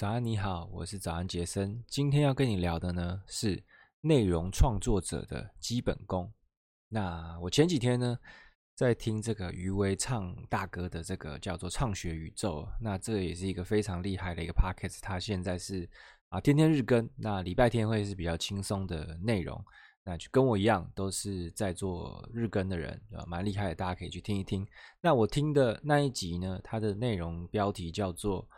早安，你好，我是早安傑森。今天要跟你聊的呢，是內容創作者的基本功。那我前幾天呢，在聽這個於為暢大哥的這個叫做《暢學宇宙》，那這也是一個非常厲害的一個 podcast。他現在是啊天天日更，那禮拜天會是比較輕鬆的內容。那就跟我一樣都是在做日更的人，蠻厲害的。大家可以去聽一聽。那我聽的那一集呢，它的內容標題叫做。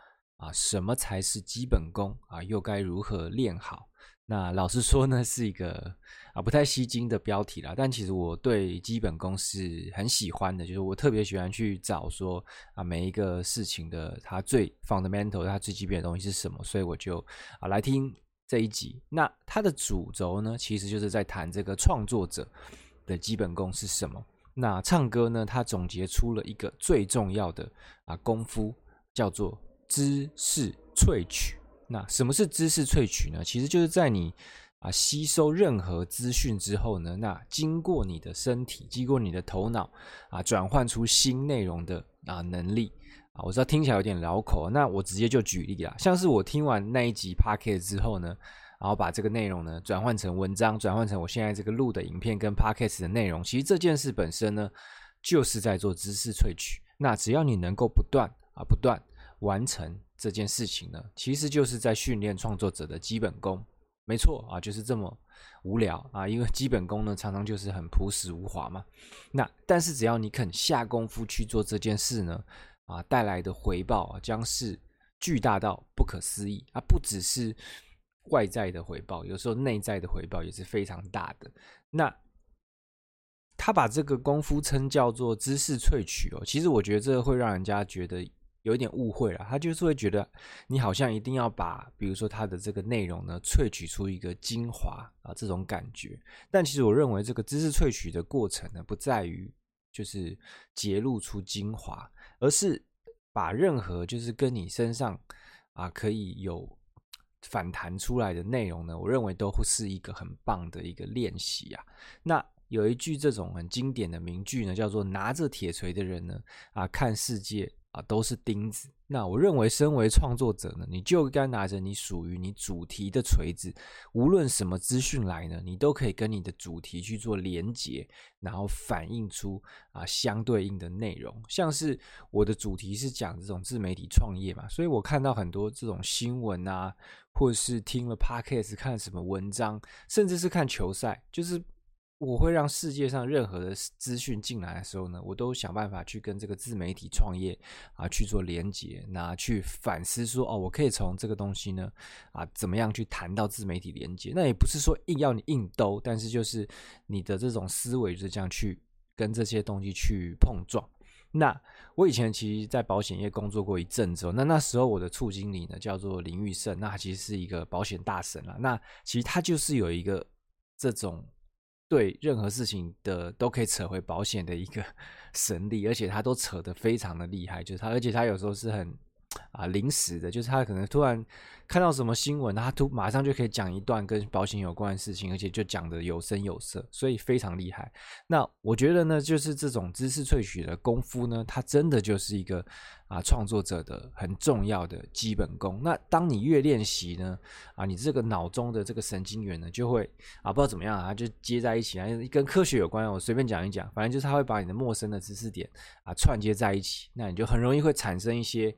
啊，什麼才是基本功啊？又該如何練好？那老實說呢，是一個啊不太吸睛的標題啦，但其實我對基本功是很喜歡的，就是我特別喜歡去找說啊每一個事情的它最 fundamental、它最基本的東西是什麼？所以我就啊來聽這一集。那它的主軸呢，其實就是在談這個創作者的基本功是什麼。那暢哥呢，他總結出了一個最重要的啊功夫，叫做。知識萃取，那什麼是知識萃取呢？其實就是在你啊吸收任何資訊之後呢，那經過你的身體，經過你的頭腦啊，轉換出新內容的啊能力啊，我知道聽起來有點繞口。那我直接就舉例啦，像是我聽完那一集 Podcast 之後呢，然後把這個內容呢轉換成文章，轉換成我現在這個錄的影片跟 Podcast 的內容，其實這件事本身呢就是在做知識萃取。那只要你能夠不斷啊，不斷。完成這件事情呢，其實就是在訓練創作者的基本功。沒錯啊，就是這麼無聊啊，因為基本功呢，常常就是很樸實無華嘛。那但是只要你肯下功夫去做這件事呢，啊，帶來的回報啊，將是巨大到不可思議啊！不只是外在的回報，有時候內在的回報也是非常大的。那他把這個功夫稱叫做知識萃取哦，其實我覺得這會讓人家覺得。有一點誤會了，他就是會覺得你好像一定要把，比如說他的這個內容呢，萃取出一個精華啊，這種感覺。但其實我認為這個知識萃取的過程呢，不在於就是揭露出精華，而是把任何就是跟你身上啊可以有反彈出來的內容呢，我認為都會是一個很棒的一個練習啊。那有一句這種很經典的名句呢，叫做“拿着鐵錘的人呢啊看世界”。啊，都是釘子。那我認為，身為創作者呢，你就該拿着你屬於你主題的錘子，無論什麼資訊來呢，你都可以跟你的主題去做連結，然後反映出啊相對應的內容。像是我的主題是講這種自媒體創業嘛，所以我看到很多這種新聞啊，或者是聽了 Podcast，看了什麼文章，甚至是看球賽，就是。我會讓世界上任何的資訊進來的時候呢，我都想辦法去跟這個自媒體創業啊去做連接，那去反思說哦，我可以從這個東西呢啊怎麼樣去談到自媒體連接？那也不是說硬要你硬兜，但是就是你的這種思維就是這樣去跟這些東西去碰撞。那我以前其實，在保險業工作過一陣子後，那那時候我的處經理呢叫做林玉勝，那他其實是一個保險大神啊。那其實他就是有一個這種。對任何事情的都可以扯回保險的一個神力，而且他都扯得非常的厲害，就是他。而且他有時候是很，啊，臨時的，就是他可能突然看到什麼新聞，他馬上就可以講一段跟保險有關的事情，而且就講得有聲有色，所以非常厲害。那我覺得呢，就是這種知識萃取的功夫呢，它真的就是一個啊創作者的很重要的基本功。那當你越練習呢，啊，你這個腦中的這個神經元呢，就會啊不知道怎麼樣啊，就接在一起啊。跟科學有關，我隨便講一講，反正就是它會把你的陌生的知識點啊串接在一起，那你就很容易會產生一些。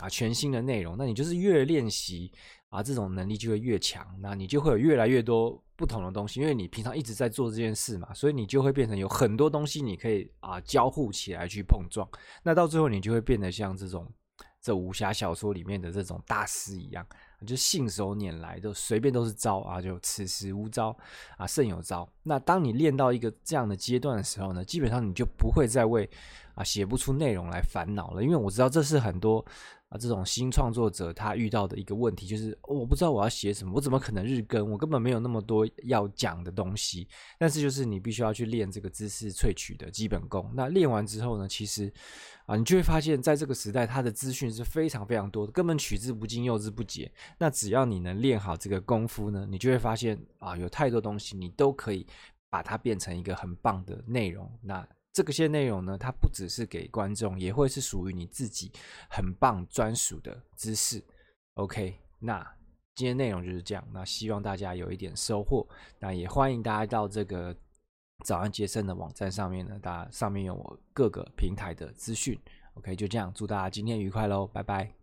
啊，全新的內容，那你就是越練習啊，這種能力就會越強，那你就會有越來越多不同的東西，因為你平常一直在做這件事嘛，所以你就會變成有很多東西你可以啊交互起來去碰撞，那到最後你就會變得像這種這武俠小說裡面的這種大師一樣，就信手拈來，就隨便都是招啊，就此時無招啊，勝有招。那當你練到一個這樣的階段的時候呢，基本上你就不會再為啊寫不出內容來煩惱了，因為我知道這是很多。啊，這種新創作者他遇到的一個問題就是，哦，我不知道我要寫什麼，我怎麼可能日更？我根本沒有那麼多要講的東西。但是就是你必須要去練這個知識萃取的基本功。那練完之後呢，其實啊，你就會發現在這個時代，它的資訊是非常非常多的，根本取之不盡，用之不竭。那只要你能練好這個功夫呢，你就會發現啊，有太多東西你都可以把它變成一個很棒的內容。那這個些內容呢，它不只是給觀眾，也會是屬於你自己很棒專屬的知識。OK，那今天內容就是這樣，那希望大家有一點收穫，那也歡迎大家到這個早安傑森的網站上面呢，大家上面有我各個平台的資訊。OK，就這樣，祝大家今天愉快嘍，拜拜。